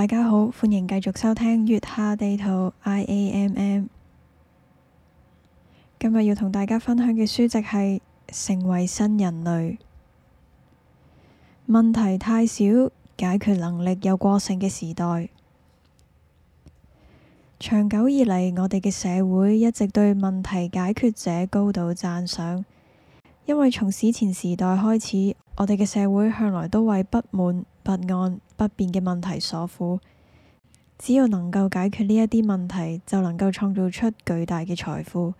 大家好，歡迎繼續收聽月下地圖 IAMM。今日要同大家分享嘅書籍係《成為新人類》。問題太少，解決能力又過剩嘅時代，長久以嚟，我哋嘅社會一直對問題解決者高度讚賞，因為從史前時代開始，我哋嘅社會向來都為不滿。答案不變嘅問題所苦，只要能夠解決呢一啲問題，就能夠創造出巨大嘅財富。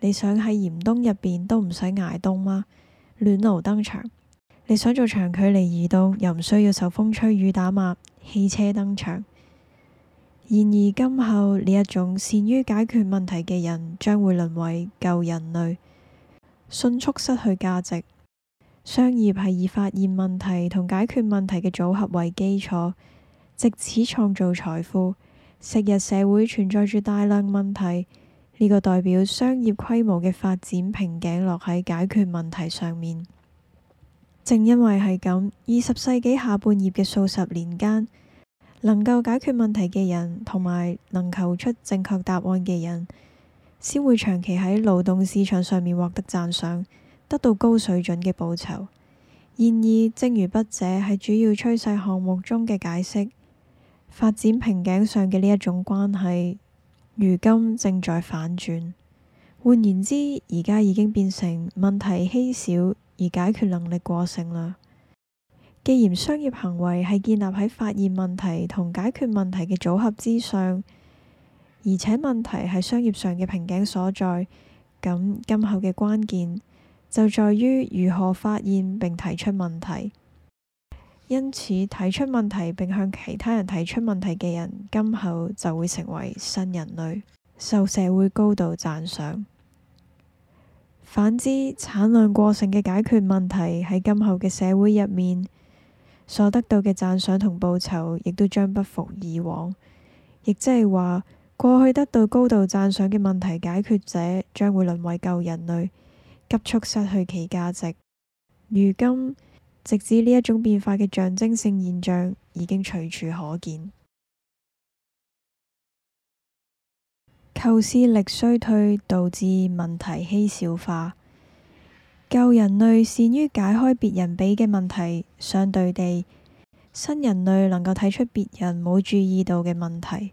你想喺嚴冬入邊都唔使捱凍嗎？暖爐登場。你想做長距離移動又唔需要受風吹雨打嗎？汽車登場。然而今後呢一種善於解決問題嘅人，將會淪為舊人類，迅速失去價值。商業係以發現問題同解決問題嘅組合為基礎，藉此創造財富。昔日社會存在住大量問題，呢、這個代表商業規模嘅發展瓶頸落喺解決問題上面。正因為係咁，二十世紀下半葉嘅數十年間，能夠解決問題嘅人同埋能求出正確答案嘅人，先會長期喺勞動市場上面獲得讚賞。得到高水準嘅報酬，然而，正如筆者喺主要趨勢項目中嘅解釋，發展瓶頸上嘅呢一種關係，如今正在反轉。換言之，而家已經變成問題稀少而解決能力過剩啦。既然商業行為係建立喺發現問題同解決問題嘅組合之上，而且問題係商業上嘅瓶頸所在，咁今後嘅關鍵，就在於如何發現並提出問題，因此提出問題並向其他人提出問題嘅人，今後就會成為新人類，受社會高度讚賞。反之，產量過剩嘅解決問題喺今後嘅社會入面所得到嘅讚賞同報酬，亦都將不復以往。亦即係話，過去得到高度讚賞嘅問題解決者，將會淪為舊人類。急速失去其價值。如今，直至呢一種變化嘅象徵性現象已經隨處可見。構思力衰退，導致問題稀少化。舊人類善於解開別人俾嘅問題，相對地，新人類能夠睇出別人冇注意到嘅問題，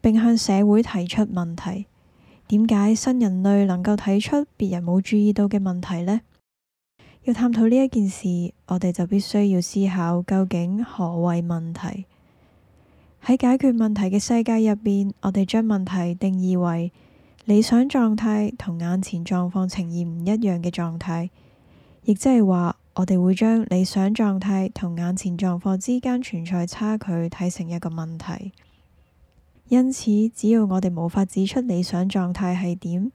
並向社會提出問題。點解新人類能夠睇出別人冇注意到嘅問題呢？要探討呢一件事，我哋就必須要思考究竟何謂問題。喺解決問題嘅世界入邊，我哋將問題定義為理想狀態同眼前狀況呈現唔一樣嘅狀態，亦即係話我哋會將理想狀態同眼前狀況之間存在差距睇成一個問題。因此，只要我哋無法指出理想狀態係點，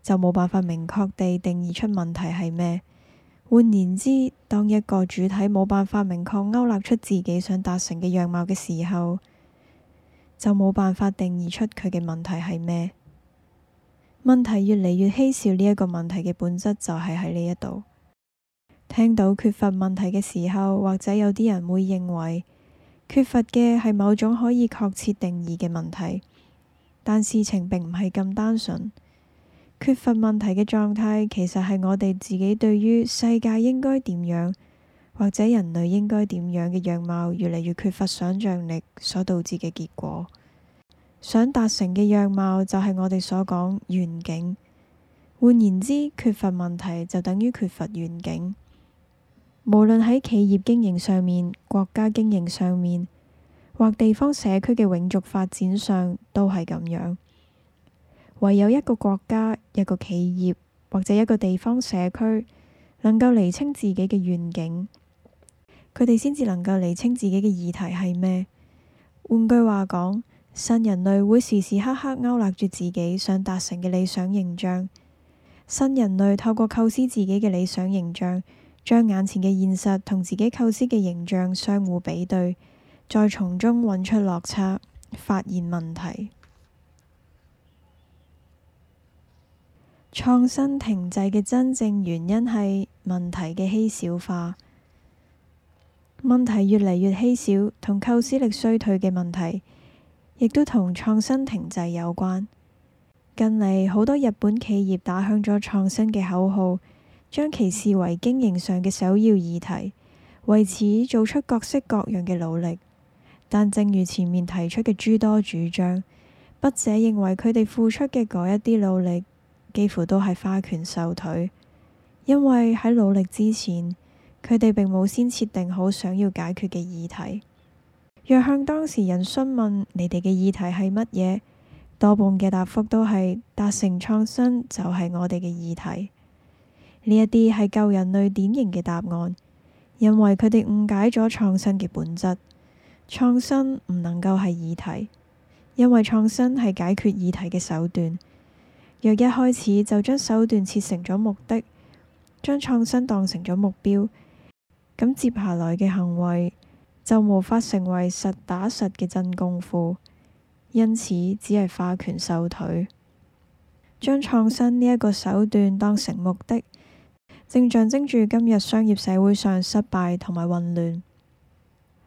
就冇辦法明確地定義出問題係咩。換言之，當一個主體冇辦法明確勾勒出自己想達成嘅樣貌嘅時候，就冇辦法定義出佢嘅問題係咩。問題越嚟越稀少，呢一個問題嘅本質就係喺呢一度。聽到缺乏問題嘅時候，或者有啲人會認為。缺乏嘅係某種可以確切定義嘅問題，但事情並唔係咁單純。缺乏問題嘅狀態，其實係我哋自己對於世界應該點樣，或者人類應該點樣嘅樣貌，越嚟越缺乏想象力所導致嘅結果。想達成嘅樣貌，就係我哋所講願景。換言之，缺乏問題就等於缺乏願景。無論喺企業經營上面、國家經營上面，或地方社區嘅永續發展上，都係咁樣。唯有一個國家、一個企業，或者一個地方社區，能夠釐清自己嘅願景，佢哋先至能夠釐清自己嘅議題係咩。換句話講，新人類會時時刻刻勾勒住自己想達成嘅理想形象。新人類透過構思自己嘅理想形象。將眼前嘅現實同自己構思嘅形象相互比對，再從中揾出落差，發現問題。創新停滯嘅真正原因係問題嘅稀少化。問題越嚟越稀少，同構思力衰退嘅問題，亦都同創新停滯有關。近嚟好多日本企業打響咗創新嘅口號。將其視為經營上嘅首要議題，為此做出各式各樣嘅努力。但正如前面提出嘅諸多主張，筆者認為佢哋付出嘅嗰一啲努力，幾乎都係花拳繡腿。因為喺努力之前，佢哋並冇先設定好想要解決嘅議題。若向當事人詢問，你哋嘅議題係乜嘢？多半嘅答覆都係，達成創新就係我哋嘅議題。呢一啲係舊人類典型嘅答案，因為佢哋誤解咗創新嘅本質。創新唔能夠係議題，因為創新係解決議題嘅手段。若一開始就將手段設成咗目的，將創新當成咗目標，咁接下來嘅行為就無法成為實打實嘅真功夫，因此只係花拳繡腿。將創新呢一個手段當成目的。正象徵住今日商業社會上失敗同埋混亂，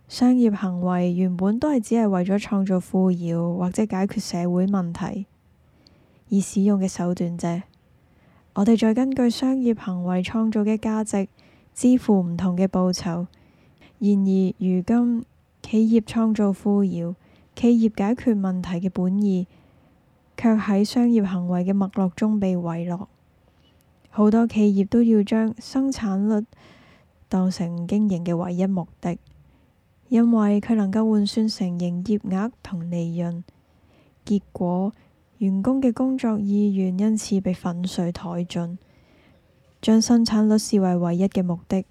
商業行為原本都係只係為咗創造富饒或者解決社會問題而使用嘅手段啫。我哋再根據商業行為創造嘅價值支付唔同嘅報酬。然而，如今企業創造富饒、企業解決問題嘅本意，卻喺商業行為嘅脈絡中被遺落。好多企業都要將生產率當成經營嘅唯一目的，因為佢能夠換算成營業額同利潤。結果，員工嘅工作意願因此被粉碎殆盡。將生產率視為唯一嘅目的，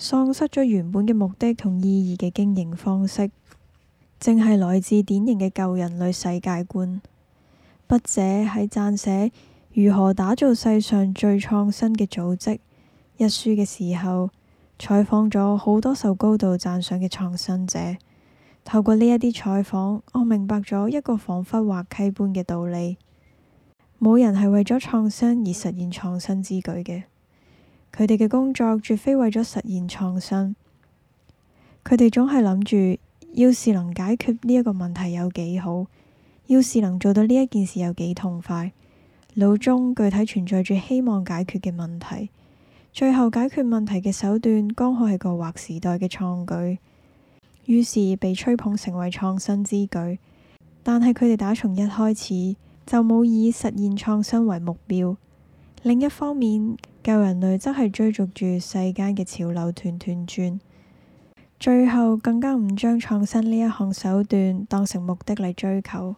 喪失咗原本嘅目的同意義嘅經營方式，正係來自典型嘅舊人類世界觀。筆者喺撰寫如何打造世上最創新嘅組織一書嘅時候，採訪咗好多受高度讚賞嘅創新者。透過呢一啲採訪，我明白咗一個仿佛滑稽般嘅道理：冇人係為咗創新而實現創新之舉嘅，佢哋嘅工作絕非為咗實現創新。佢哋總係諗住，要是能解決呢一個問題有幾好，要是能做到呢一件事有幾痛快。腦中具體存在住希望解決嘅問題，最後解決問題嘅手段剛好係個劃時代嘅創舉，於是被吹捧成為創新之舉。但係佢哋打從一開始就冇以實現創新為目標。另一方面，舊人類則係追逐住世間嘅潮流團團轉，最後更加唔將創新呢一項手段當成目的嚟追求。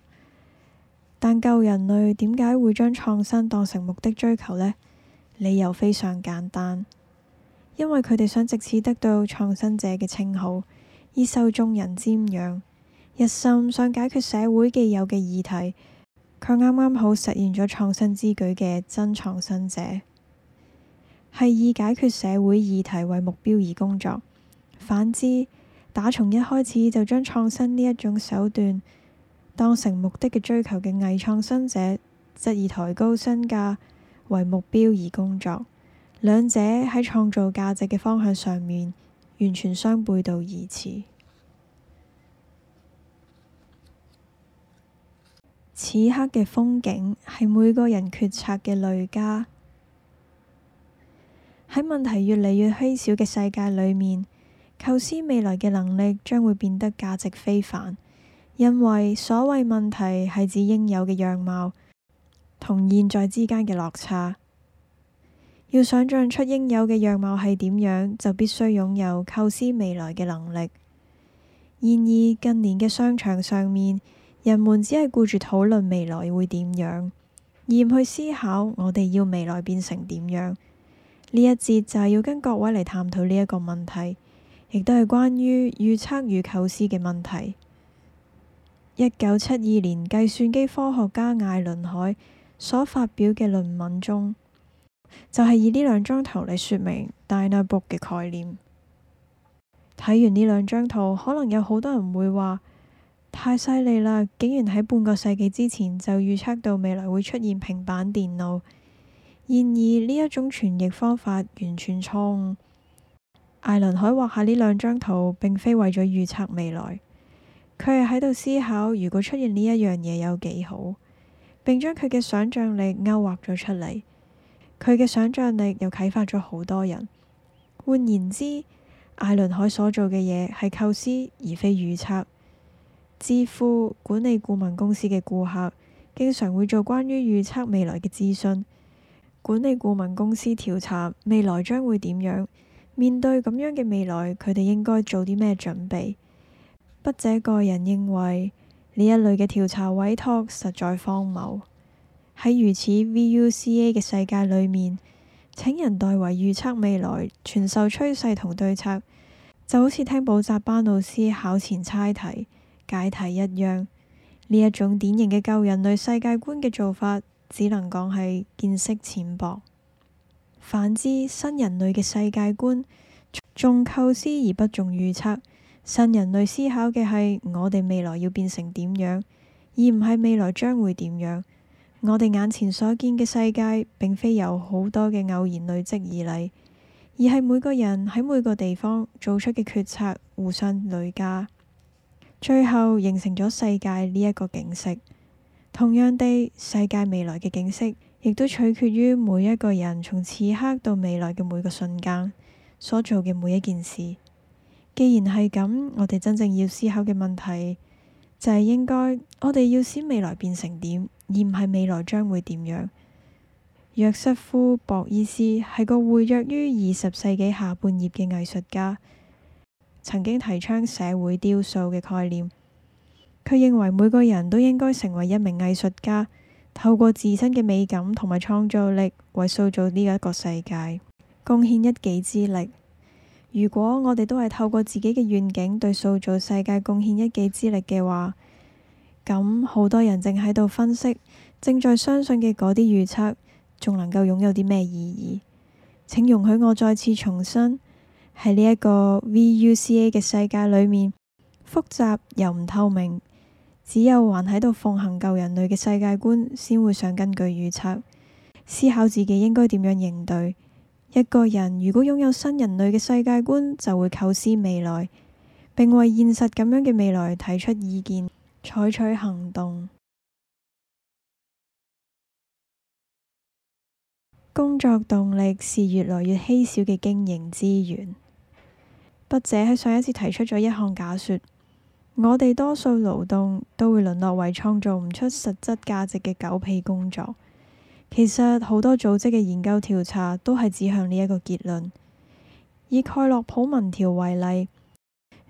但舊人類點解會將創新當成目的追求呢？理由非常簡單，因為佢哋想藉此得到創新者嘅稱號，以受眾人瞻仰。一心想解決社會既有嘅議題，卻啱啱好實現咗創新之舉嘅真創新者，係以解決社會議題為目標而工作。反之，打從一開始就將創新呢一種手段。當成目的嘅追求嘅偽創新者，則以抬高身價為目標而工作，兩者喺創造價值嘅方向上面完全相背道而馳。此刻嘅風景係每個人決策嘅累加。喺問題越嚟越稀少嘅世界裏面，構思未來嘅能力將會變得價值非凡。因為所謂問題係指應有嘅樣貌同現在之間嘅落差，要想像出應有嘅樣貌係點樣，就必須擁有構思未來嘅能力。然而，近年嘅商場上面，人們只係顧住討論未來會點樣，而唔去思考我哋要未來變成點樣。呢一節就係要跟各位嚟探討呢一個問題，亦都係關於預測與構思嘅問題。一九七二年，計算機科學家艾倫海所發表嘅論文中，就係以呢兩張圖嚟說明 Dynabook 嘅概念。睇完呢兩張圖，可能有好多人會話太犀利啦，竟然喺半個世紀之前就預測到未來會出現平板電腦。然而呢一種傳譯方法完全錯誤。艾倫海畫下呢兩張圖，並非為咗預測未來。佢係喺度思考，如果出現呢一樣嘢有幾好，並將佢嘅想象力勾畫咗出嚟。佢嘅想象力又啟發咗好多人。換言之，艾倫海所做嘅嘢係構思，而非預測。智庫管理顧問公司嘅顧客經常會做關於預測未來嘅諮詢。管理顧問公司調查未來將會點樣，面對咁樣嘅未來，佢哋應該做啲咩準備？筆者個人認為呢一類嘅調查委託實在荒謬。喺如此 VUCA 嘅世界裏面，請人代為預測未來，傳授趨勢同對策，就好似聽補習班老師考前猜題、解題一樣。呢一種典型嘅舊人類世界觀嘅做法，只能講係見識淺薄。反之，新人類嘅世界觀重構思而不重預測。新人類思考嘅係我哋未來要變成點樣，而唔係未來將會點樣。我哋眼前所見嘅世界並非由好多嘅偶然累積而嚟，而係每個人喺每個地方做出嘅決策互相累加，最後形成咗世界呢一個景色。同樣地，世界未來嘅景色亦都取決於每一個人從此刻到未來嘅每個瞬間所做嘅每一件事。既然係咁，我哋真正要思考嘅問題，就係、是、應該我哋要先未來變成點，而唔係未來將會點樣。約瑟夫·博伊斯係個活躍於二十世紀下半葉嘅藝術家，曾經提倡社會雕塑嘅概念。佢認為每個人都應該成為一名藝術家，透過自身嘅美感同埋創造力，為塑造呢一個世界貢獻一己之力。如果我哋都係透過自己嘅願景對塑造世界貢獻一己之力嘅話，咁好多人正喺度分析，正在相信嘅嗰啲預測，仲能夠擁有啲咩意義？請容許我再次重申，喺呢一個 VUCA 嘅世界裏面，複雜又唔透明，只有還喺度奉行舊人類嘅世界觀，先會想根據預測思考自己應該點樣應對。一個人如果擁有新人類嘅世界觀，就會構思未來，並為現實咁樣嘅未來提出意見，採取行動。工作動力是越來越稀少嘅經營資源。筆者喺上一次提出咗一項假說：我哋多數勞動都會淪落為創造唔出實質價值嘅狗屁工作。其實好多組織嘅研究調查都係指向呢一個結論。以蓋洛普民調為例，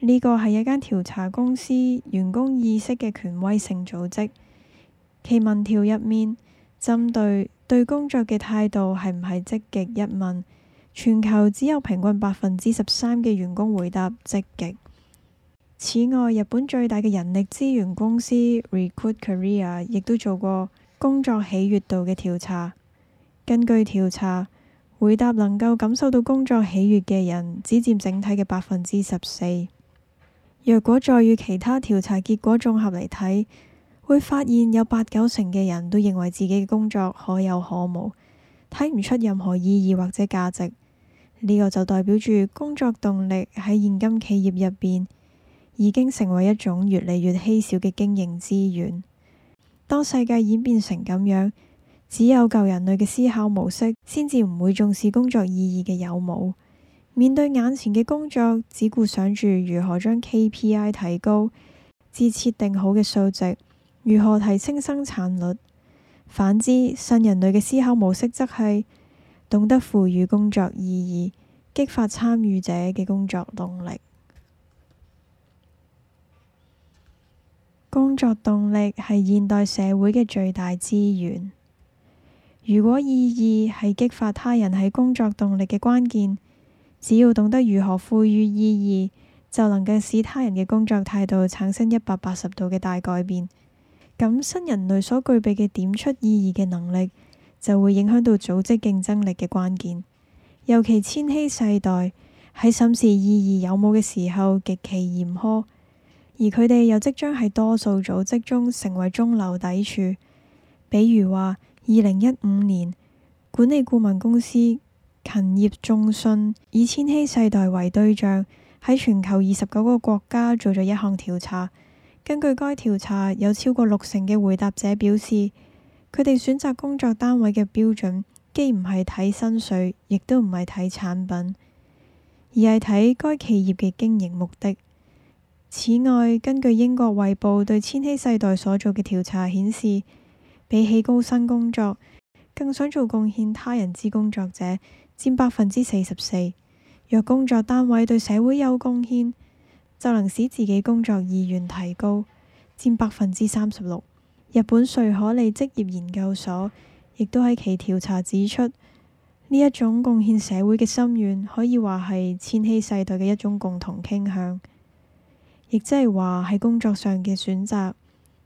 呢、這個係一間調查公司員工意識嘅權威性組織。其民調入面針對對工作嘅態度係唔係積極一問，全球只有平均百分之十三嘅員工回答積極。此外，日本最大嘅人力資源公司 Recruit Korea 亦都做過。工作喜悅度嘅調查，根據調查，回答能夠感受到工作喜悅嘅人，只佔整體嘅百分之十四。若果再與其他調查結果綜合嚟睇，會發現有八九成嘅人都認為自己嘅工作可有可無，睇唔出任何意義或者價值。呢個就代表住工作動力喺現今企業入邊已經成為一種越嚟越稀少嘅經營資源。當世界演變成咁樣，只有舊人類嘅思考模式先至唔會重視工作意義嘅有冇。面對眼前嘅工作，只顧想住如何將 KPI 提高至設定好嘅數值，如何提升生產率。反之，新人類嘅思考模式則係懂得賦予工作意義，激發參與者嘅工作動力。工作動力係現代社會嘅最大資源。如果意義係激發他人喺工作動力嘅關鍵，只要懂得如何賦予意義，就能夠使他人嘅工作態度產生一百八十度嘅大改變。咁新人類所具備嘅點出意義嘅能力，就會影響到組織競爭力嘅關鍵。尤其千禧世代，喺審視意義有冇嘅時候，極其嚴苛。而佢哋又即將喺多數組織中成為中流砥柱，比如話，二零一五年，管理顧問公司勤業眾信以千禧世代為對象，喺全球二十九個國家做咗一項調查。根據該調查，有超過六成嘅回答者表示，佢哋選擇工作單位嘅標準，既唔係睇薪水，亦都唔係睇產品，而係睇該企業嘅經營目的。此外，根據英國衛報對千禧世代所做嘅調查顯示，比起高薪工作，更想做貢獻他人之工作者佔百分之四十四。若工作單位對社會有貢獻，就能使自己工作意願提高，佔百分之三十六。日本瑞可利職業研究所亦都喺其調查指出，呢一種貢獻社會嘅心願，可以話係千禧世代嘅一種共同傾向。亦即係話，喺工作上嘅選擇，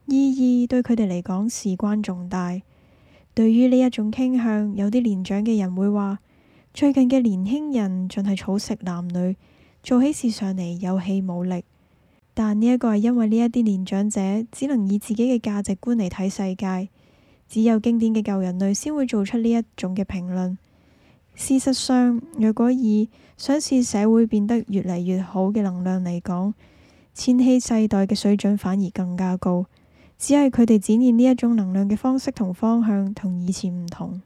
意義對佢哋嚟講事關重大。對於呢一種傾向，有啲年長嘅人會話：最近嘅年輕人仲係草食男女，做起事上嚟有氣冇力。但呢一個係因為呢一啲年長者只能以自己嘅價值觀嚟睇世界，只有經典嘅舊人類先會做出呢一種嘅評論。事實上，若果以想使社會變得越嚟越好嘅能量嚟講，千禧世代嘅水準反而更加高，只係佢哋展現呢一種能量嘅方式同方向同以前唔同。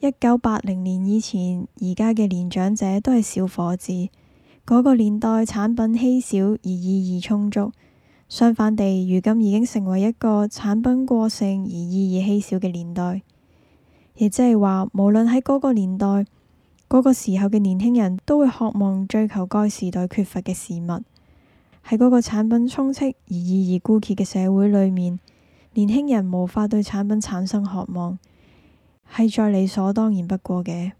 一九八零年以前，而家嘅年長者都係小伙子。嗰個年代產品稀少而意義充足，相反地，如今已經成為一個產品過剩而意義稀少嘅年代。亦即係話，無論喺嗰個年代，嗰個時候嘅年輕人都會渴望追求該時代缺乏嘅事物。喺嗰個產品充斥而意義枯竭嘅社會裏面，年輕人無法對產品產生渴望，係再理所當然不過嘅。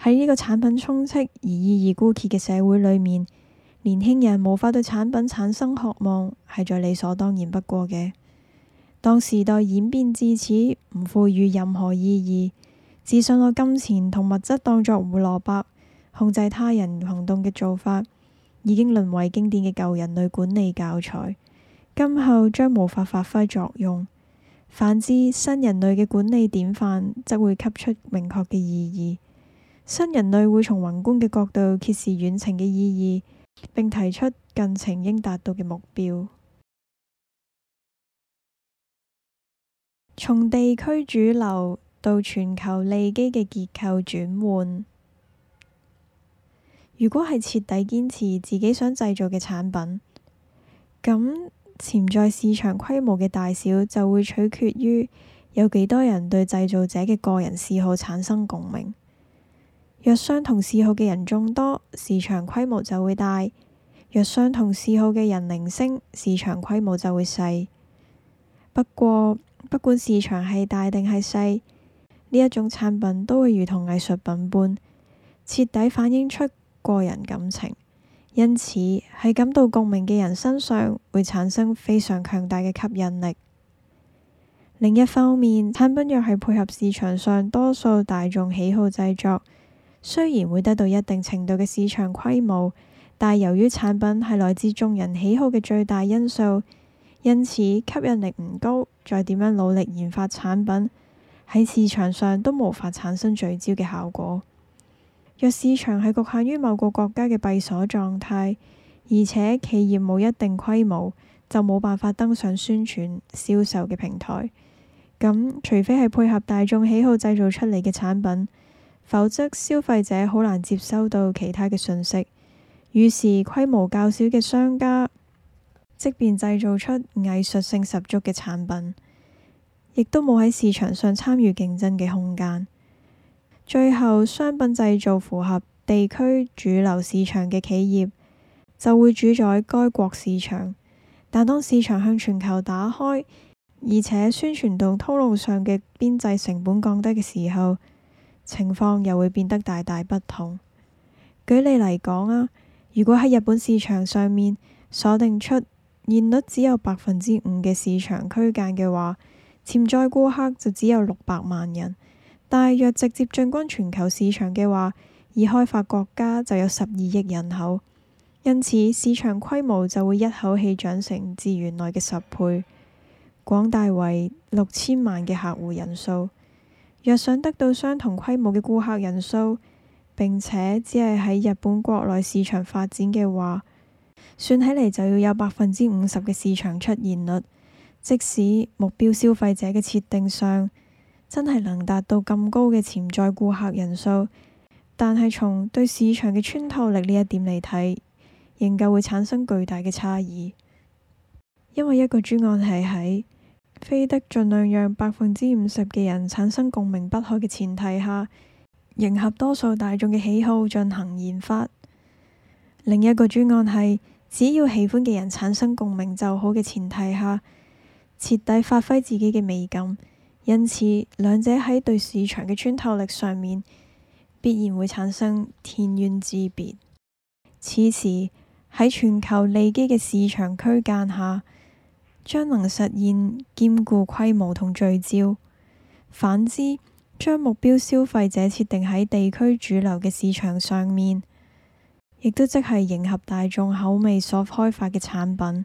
喺呢個產品充斥而意義枯竭嘅社會裏面，年輕人無法對產品產生渴望，係再理所當然不過嘅。當時代演變至此，唔賦予任何意義，自信個金錢同物質當作胡蘿蔔控制他人行動嘅做法。已經淪為經典嘅舊人類管理教材，今後將無法發揮作用。反之，新人類嘅管理典範則會給出明確嘅意義。新人類會從宏觀嘅角度揭示遠程嘅意義，並提出近程應達到嘅目標。從地區主流到全球利基嘅結構轉換。如果係徹底堅持自己想製造嘅產品，咁潛在市場規模嘅大小就會取決於有幾多人對製造者嘅個人嗜好產生共鳴。若相同嗜好嘅人眾多，市場規模就會大；若相同嗜好嘅人零星，市場規模就會細。不過，不管市場係大定係細，呢一種產品都會如同藝術品般徹底反映出個人感情，因此喺感到共鳴嘅人身上會產生非常強大嘅吸引力。另一方面，產品又係配合市場上多數大眾喜好製作，雖然會得到一定程度嘅市場規模，但由於產品係來自眾人喜好嘅最大因素，因此吸引力唔高。再點樣努力研發產品喺市場上都無法產生聚焦嘅效果。若市場係局限於某個國家嘅閉鎖狀態，而且企業冇一定規模，就冇辦法登上宣傳、銷售嘅平台。咁，除非係配合大眾喜好製造出嚟嘅產品，否則消費者好難接收到其他嘅訊息。於是，規模較小嘅商家，即便製造出藝術性十足嘅產品，亦都冇喺市場上參與競爭嘅空間。最後，商品製造符合地區主流市場嘅企業，就會主宰該國市場。但當市場向全球打開，而且宣傳同通路上嘅邊際成本降低嘅時候，情況又會變得大大不同。舉例嚟講啊，如果喺日本市場上面鎖定出現率只有百分之五嘅市場區間嘅話，潛在顧客就只有六百萬人。但若直接進軍全球市場嘅話，已開發國家就有十二億人口，因此市場規模就會一口氣漲成至原來嘅十倍，廣大為六千萬嘅客戶人數。若想得到相同規模嘅顧客人數，並且只係喺日本國內市場發展嘅話，算起嚟，就要有百分之五十嘅市場出現率，即使目標消費者嘅設定上，真係能達到咁高嘅潛在顧客人數，但係從對市場嘅穿透力呢一點嚟睇，仍舊會產生巨大嘅差異。因為一個專案係喺非得盡量讓百分之五十嘅人產生共鳴不可嘅前提下，迎合多數大眾嘅喜好進行研發；另一個專案係只要喜歡嘅人產生共鳴就好嘅前提下，徹底發揮自己嘅美感。因此，兩者喺對市場嘅穿透力上面，必然會產生天淵之別。此時喺全球利基嘅市場區間下，將能實現兼顧規模同聚焦；反之，將目標消費者設定喺地區主流嘅市場上面，亦都即係迎合大眾口味所開發嘅產品，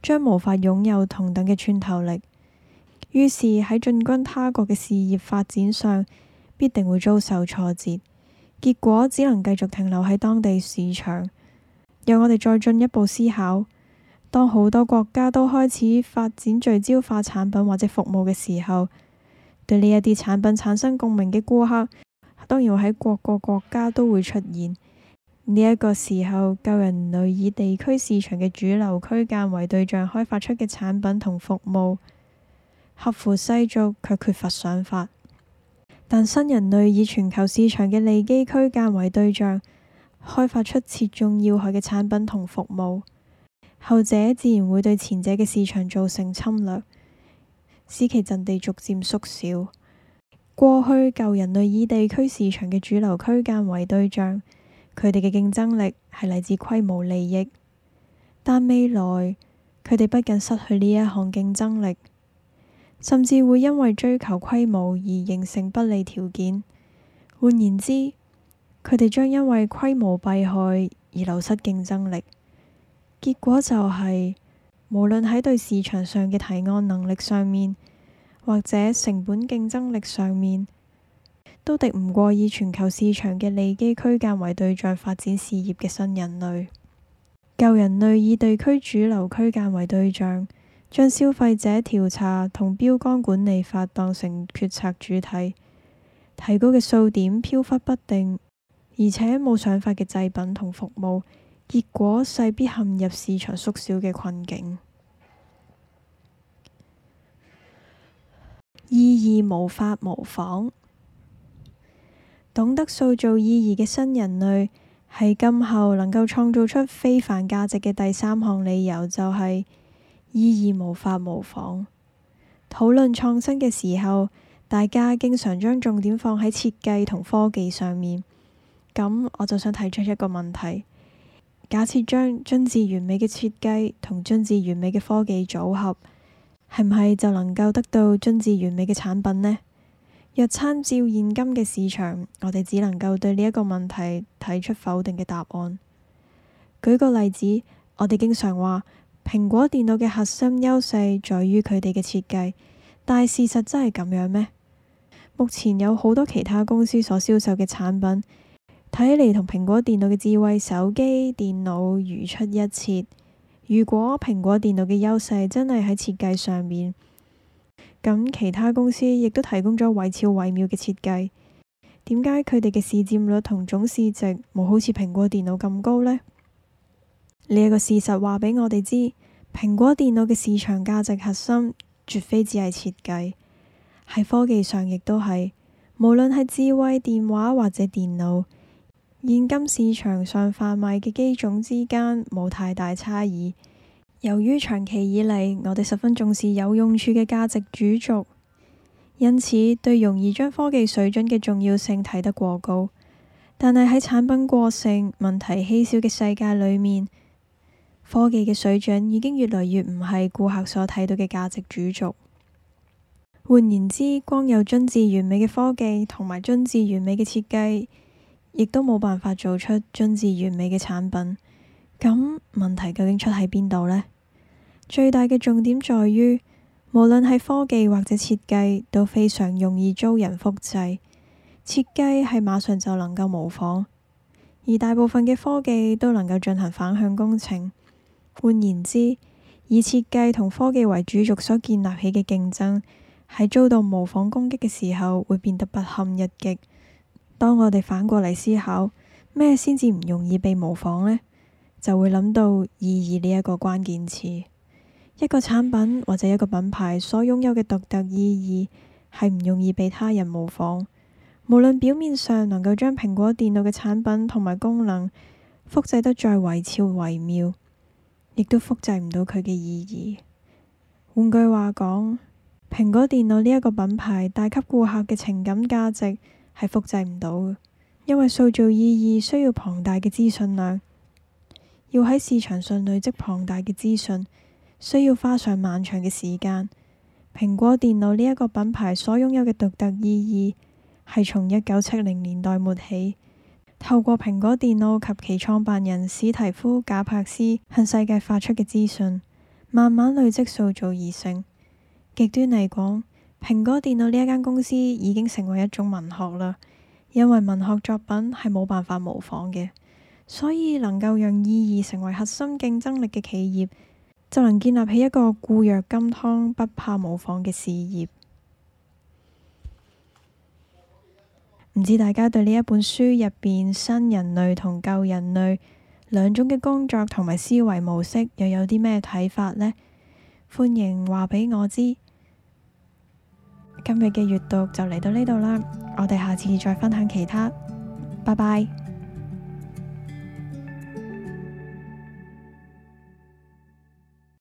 將無法擁有同等嘅穿透力。於是喺進軍他國嘅事業發展上，必定會遭受挫折，結果只能繼續停留喺當地市場。讓我哋再進一步思考：當好多國家都開始發展聚焦化產品或者服務嘅時候，對呢一啲產品產生共鳴嘅顧客，當然會喺各個國家都會出現。呢、這、一個時候，舊人類以地區市場嘅主流區間為對象開發出嘅產品同服務。合乎西俗，卻缺乏想法。但新人類以全球市場嘅利基區間為對象，開發出切中要害嘅產品同服務，後者自然會對前者嘅市場造成侵略，使其陣地逐漸縮小。過去舊人類以地區市場嘅主流區間為對象，佢哋嘅競爭力係嚟自規模利益，但未來佢哋不僅失去呢一項競爭力。甚至會因為追求規模而形成不利條件。換言之，佢哋將因為規模弊害而流失競爭力。結果就係，無論喺對市場上嘅提案能力上面，或者成本競爭力上面，都敵唔過以全球市場嘅利基區間為對象發展事業嘅新人類。舊人類以地區主流區間為對象。將消費者調查同標杆管理法當成決策主體，提高嘅數點飄忽不定，而且冇想法嘅製品同服務，結果勢必陷入市場縮小嘅困境。 意義無法模仿，懂得塑造意義嘅新人類，喺今後能夠創造出非凡價值嘅第三項理由就係、是。意義無法模仿。討論創新嘅時候，大家經常將重點放喺設計同科技上面。咁我就想提出一個問題：假設將臻至完美嘅設計同臻至完美嘅科技組合，係唔係就能夠得到臻至完美嘅產品呢？若參照現今嘅市場，我哋只能夠對呢一個問題提出否定嘅答案。舉個例子，我哋經常話。蘋果電腦嘅核心優勢在於佢哋嘅設計，但係事實真係咁樣咩？目前有好多其他公司所銷售嘅產品，睇嚟同蘋果電腦嘅智慧手機、電腦如出一轍。如果蘋果電腦嘅優勢真係喺設計上面，咁其他公司亦都提供咗維肖維妙嘅設計，點解佢哋嘅市佔率同總市值冇好似蘋果電腦咁高呢？呢一個事實話俾我哋知，蘋果電腦嘅市場價值核心絕非只係設計，喺科技上亦都係。無論係智慧電話或者電腦，現今市場上販賣嘅機種之間冇太大差異。由於長期以嚟，我哋十分重視有用處嘅價值主軸，因此對容易將科技水準嘅重要性睇得過高。但係喺產品過剩、問題稀少嘅世界裏面，科技嘅水準已經越嚟越唔係顧客所睇到嘅價值主軸。換言之，光有精致完美嘅科技同埋精致完美嘅設計，亦都冇辦法做出精致完美嘅產品。咁問題究竟出喺邊度呢？最大嘅重點在於，無論係科技或者設計，都非常容易遭人複製。設計係馬上就能夠模仿，而大部分嘅科技都能夠進行反向工程。換言之，以設計同科技為主軸所建立起嘅競爭，喺遭到模仿攻擊嘅時候，會變得不堪一擊。當我哋反過嚟思考咩先至唔容易被模仿呢？就會諗到意義呢一個關鍵詞。一個產品或者一個品牌所擁有嘅獨特意義，係唔容易被他人模仿。無論表面上能夠將蘋果電腦嘅產品同埋功能複製得再惟肖惟妙。亦都複製唔到佢嘅意義。換句話講，蘋果電腦呢一個品牌帶給顧客嘅情感價值係複製唔到嘅，因為塑造意義需要龐大嘅資訊量，要喺市場上累積龐大嘅資訊，需要花上漫長嘅時間。蘋果電腦呢一個品牌所擁有嘅獨特意義，係從一九七零年代末起。透過蘋果電腦及其創辦人史提夫賈柏斯向世界發出嘅資訊，慢慢累積塑造而成。極端嚟講，蘋果電腦呢一間公司已經成為一種文學啦，因為文學作品係冇辦法模仿嘅。所以能夠讓意義成為核心競爭力嘅企業，就能建立起一個固若金湯、不怕模仿嘅事業。唔知大家對呢一本書入邊新人類同舊人類兩種嘅工作同埋思維模式又有啲咩睇法呢？歡迎話俾我知。今日嘅閱讀就嚟到呢度啦，我哋下次再分享其他。拜拜。